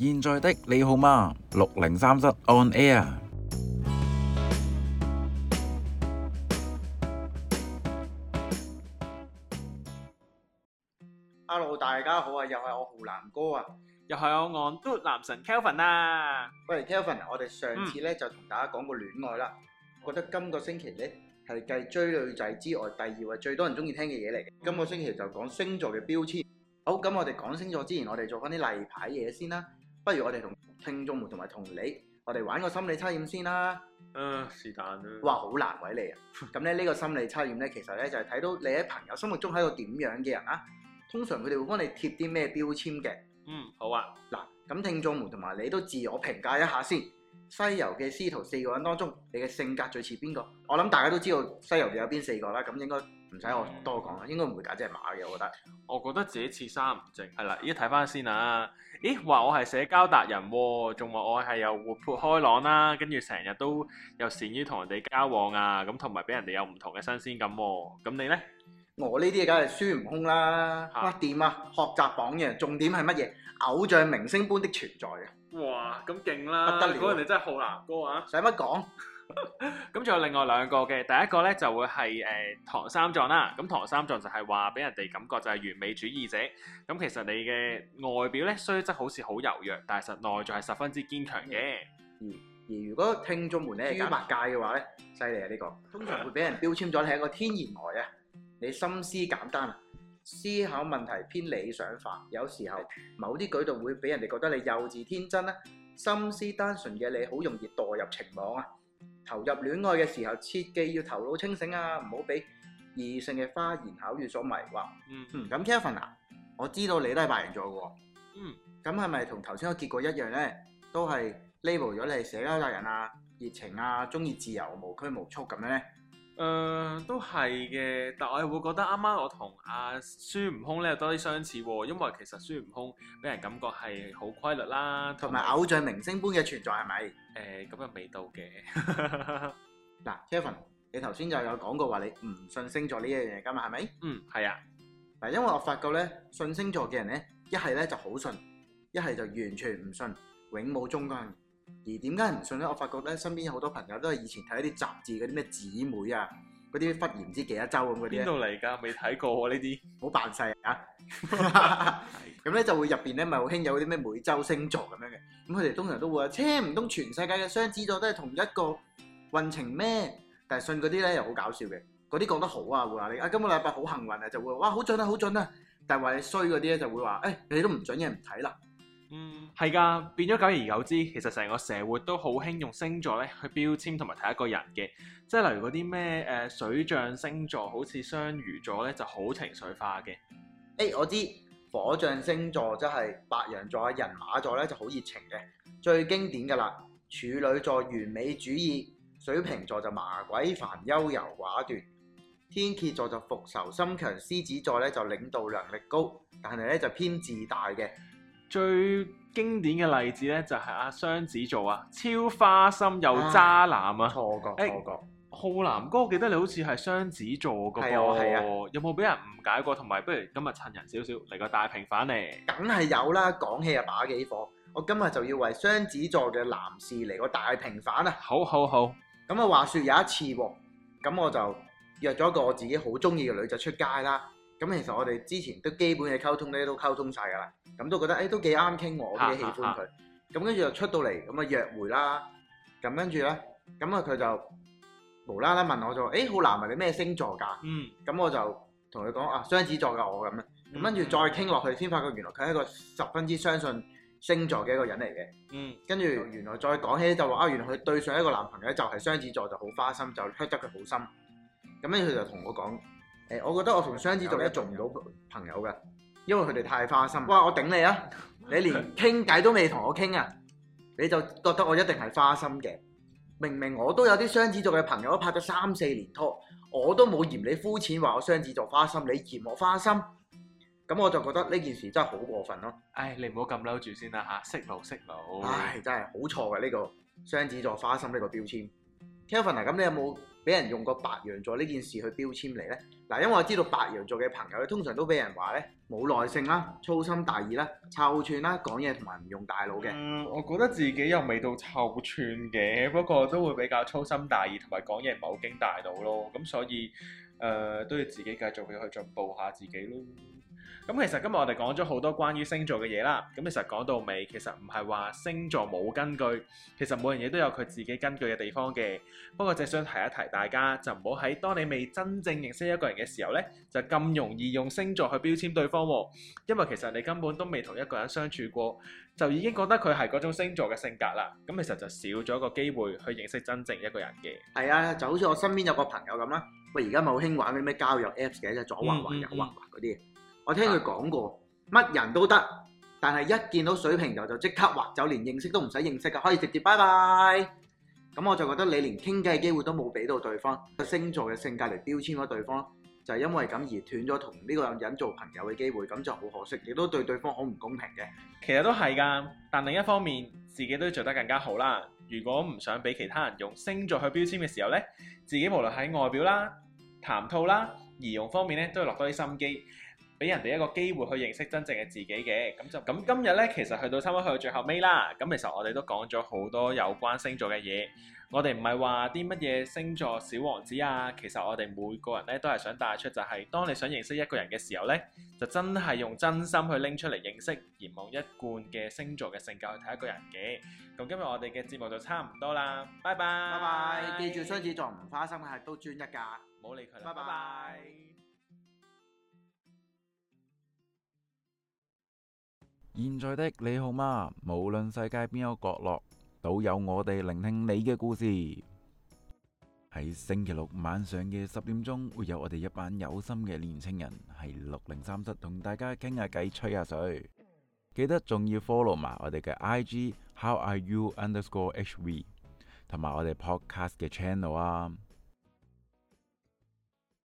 現在的你好嗎 ?603 室 ON AIR Hello，大家好，又係我浩南哥又係我暗嘟男神 Kelvin Kelvin，我哋上次就同大家講過戀愛覺得今個星期不如我哋同聽眾們同埋同你，我哋玩個心理測驗先啦。嗯、呃，是但啦。嘩，好難為你啊。咁咧呢個心理測驗咧，其實咧就係睇到你喺朋友心目中係一個點樣嘅人啊。通常佢哋會幫你貼啲咩標籤嘅。嗯，好啊。嗱，咁聽眾們同埋你都自我評價一下先。西遊嘅師徒四個人當中，你嘅性格最似邊個？我諗大家都知道西遊有邊四個啦，咁應該唔使我多講啦、嗯，應該唔會㗎，揀隻馬嘅，我覺得。我覺得自己似三唔正。係、嗯、啦，而家睇翻先啊！咦，話我係社交達人、啊，仲話我係又活潑開朗啦、啊，整跟住成日都有善於同人哋交往啊，咁同埋俾人哋有唔同嘅新鮮感、啊。咁你呢？我呢啲梗係孫悟空啦。哇，點啊，啊？學習榜樣，重點係乜嘢？偶像明星般的存在啊！哇，咁勁啦！嗰人、啊、你真係浩南哥啊，使乜講？咁 仲有另外兩個嘅，第一個咧就會係誒、呃、唐三藏啦。咁唐三藏就係話俾人哋感覺就係完美主義者。咁其實你嘅外表咧雖則好似好柔弱，但係實在內在係十分之堅強嘅。而、嗯嗯、而如果聽眾們咧，豬八戒嘅話咧，犀利啊呢、呢個。通常會俾人標籤咗你係一個天然呆、呃、啊，你心思簡單啊。思考問題偏理想化，有時候某啲舉動會俾人哋覺得你幼稚天真咧。心思單純嘅你好容易墮入情網啊！投入戀愛嘅時候切記要頭腦清醒啊，唔好俾異性嘅花言巧語所迷惑。嗯，咁、嗯、Kevin 啊，我知道你都係白羊座嘅喎。嗯，咁係咪同頭先個結果一樣咧？都係 level 咗你社交達人啊，熱情啊，中意自由無拘無束咁樣咧？誒、呃、都係嘅，但我又會覺得啱啱我同阿孫悟空咧多啲相似喎，因為其實孫悟空俾人感覺係好規律啦，同埋偶像明星般嘅存在係咪？誒咁又未到嘅。嗱、呃、 ，Kevin，你頭先就有講過話你唔信星座呢樣嘢㗎嘛？係咪？嗯，係啊。嗱，因為我發覺咧，信星座嘅人咧，一係咧就好信，一係就完全唔信，永冇中間。而點解唔信咧？我發覺咧，身邊有好多朋友都係以前睇啲雜誌嗰啲咩姊妹啊，嗰啲忽然唔知幾多週咁嗰啲。邊度嚟㗎？未睇過喎呢啲。好扮曬啊！咁 咧、 嗯、就會入邊咧咪好興有啲咩每週星座咁樣嘅。咁佢哋通常都會話，車唔通全世界嘅雙子座都係同一個運程咩？但係信嗰啲咧又好搞笑嘅。嗰啲講得好啊，會話你啊，今個禮拜好幸運啊，就會話哇好準啊，好準啊。但係話你衰嗰啲咧就會話，誒、欸、你都唔準嘢唔睇啦。嗯，係噶，變咗久而久之，其實成個社會都好興用星座咧去標籤同埋睇一個人嘅，即係例如嗰啲咩誒水象星座，好似雙魚座咧就好情緒化嘅。誒、hey，我知火象星座即係白羊座啊、人馬座咧就好熱情嘅，最經典噶啦，處女座完美主義，水瓶座就麻鬼煩、優柔寡斷，天蠍座就復仇心強，獅子座咧就領導能力高，但係咧就偏自大嘅。最經典嘅例子咧，就係阿雙子座啊，超花心又渣男啊！錯、啊、覺，錯覺、欸。浩南哥，我記得你好似係雙子座的、那個噃、啊啊，有冇俾人誤解過？同埋，不如今日趁人少少嚟個大平反嚟。梗係有啦，講起就把幾火。我今日就要為雙子座嘅男士嚟個大平反啊！好，好，好。咁啊，話説有一次喎、啊，咁我就約咗個我自己好中意嘅女仔出街啦。咁其實我哋之前都基本嘅溝通咧，都溝通晒㗎啦。咁都覺得誒、欸、都幾啱傾喎，我幾喜歡佢。咁跟住就出到嚟咁嘅約會啦。咁跟住咧，咁啊佢就無啦啦問我就誒、哎、好難聞你咩星座㗎？嗯。咁我就同佢講啊，雙子座㗎我咁樣。咁跟住再傾落去，先發覺原來佢係一個十分之相信星座嘅一個人嚟嘅。嗯。跟住原來再講起就話啊，原來佢對上一個男朋友就係雙子座，就好花心，就 hurt 得佢好深。咁咧佢就同我講。誒、欸，我覺得我同雙子座一做唔到朋友㗎，因為佢哋太花心了。哇！我頂你啊！你連傾偈都未同我傾啊， 你就覺得我一定係花心嘅。明明我都有啲雙子座嘅朋友都拍咗三四年拖，我都冇嫌你膚淺，話我雙子座花心，你嫌我花心，咁我就覺得呢件事真係好過分咯、啊。唉、哎，你唔好咁嬲住先啦嚇，息怒息怒。唉、哎，真係好錯嘅呢個雙子座花心呢個標籤。Kevin 啊，咁你有冇？俾人用個白羊座呢件事去標籤嚟呢，嗱，因為我知道白羊座嘅朋友通常都俾人話呢。冇耐性啦，粗心大意啦，臭串啦，講嘢同埋唔用大腦嘅。嗯，我覺得自己又未到臭串嘅，不過都會比較粗心大意同埋講嘢唔係好經大腦咯。咁所以誒、呃、都要自己繼續去進步下自己咯。咁其實今日我哋講咗好多關於星座嘅嘢啦。咁其實講到尾，其實唔係話星座冇根據，其實每樣嘢都有佢自己根據嘅地方嘅。不過就想提一提大家，就唔好喺當你未真正認識一個人嘅時候咧，就咁容易用星座去標籤對方。因為其實你根本都未同一個人相處過，就已經覺得佢係嗰種星座嘅性格啦。咁其實就少咗一個機會去認識真正一個人嘅。係啊，就好似我身邊有個朋友咁啦，佢而家咪好興玩啲咩交友 Apps 嘅，即係左滑滑右滑滑嗰啲。我聽佢講過，乜人都得，但係一見到水瓶座就即刻滑走，連認識都唔使認識㗎，可以直接拜拜。咁我就覺得你連傾偈機會都冇俾到對方，個星座嘅性格嚟標籤咗對方。就係因為咁而斷咗同呢個人做朋友嘅機會，咁就好可惜，亦都對對方好唔公平嘅。其實都係㗎，但另一方面自己都要做得更加好啦。如果唔想俾其他人用星座去標籤嘅時候咧，自己無論喺外表啦、談吐啦、儀容方面咧，都要落多啲心機。俾人哋一個機會去認識真正嘅自己嘅，咁就咁今日呢，其實去到差唔多去到最後尾啦。咁其實我哋都講咗好多有關星座嘅嘢。我哋唔係話啲乜嘢星座小王子啊，其實我哋每個人呢，都係想帶出就係、是，當你想認識一個人嘅時候呢，就真係用真心去拎出嚟認識，而冇一貫嘅星座嘅性格去睇一個人嘅。咁今日我哋嘅節目就差唔多啦，拜拜。拜拜。記住雙子座唔花心嘅係都專一㗎，唔好理佢啦。拜拜。現在的你好嗎？無論世界邊個角落，都有我哋聆聽你嘅故事。喺星期六晚上嘅十點鐘，會有我哋一班有心嘅年青人喺六零三室同大家傾下偈、吹下水。記得仲要 follow 埋我哋嘅 IG How Are You Underscore HV，同埋我哋 Podcast 嘅 channel 啊！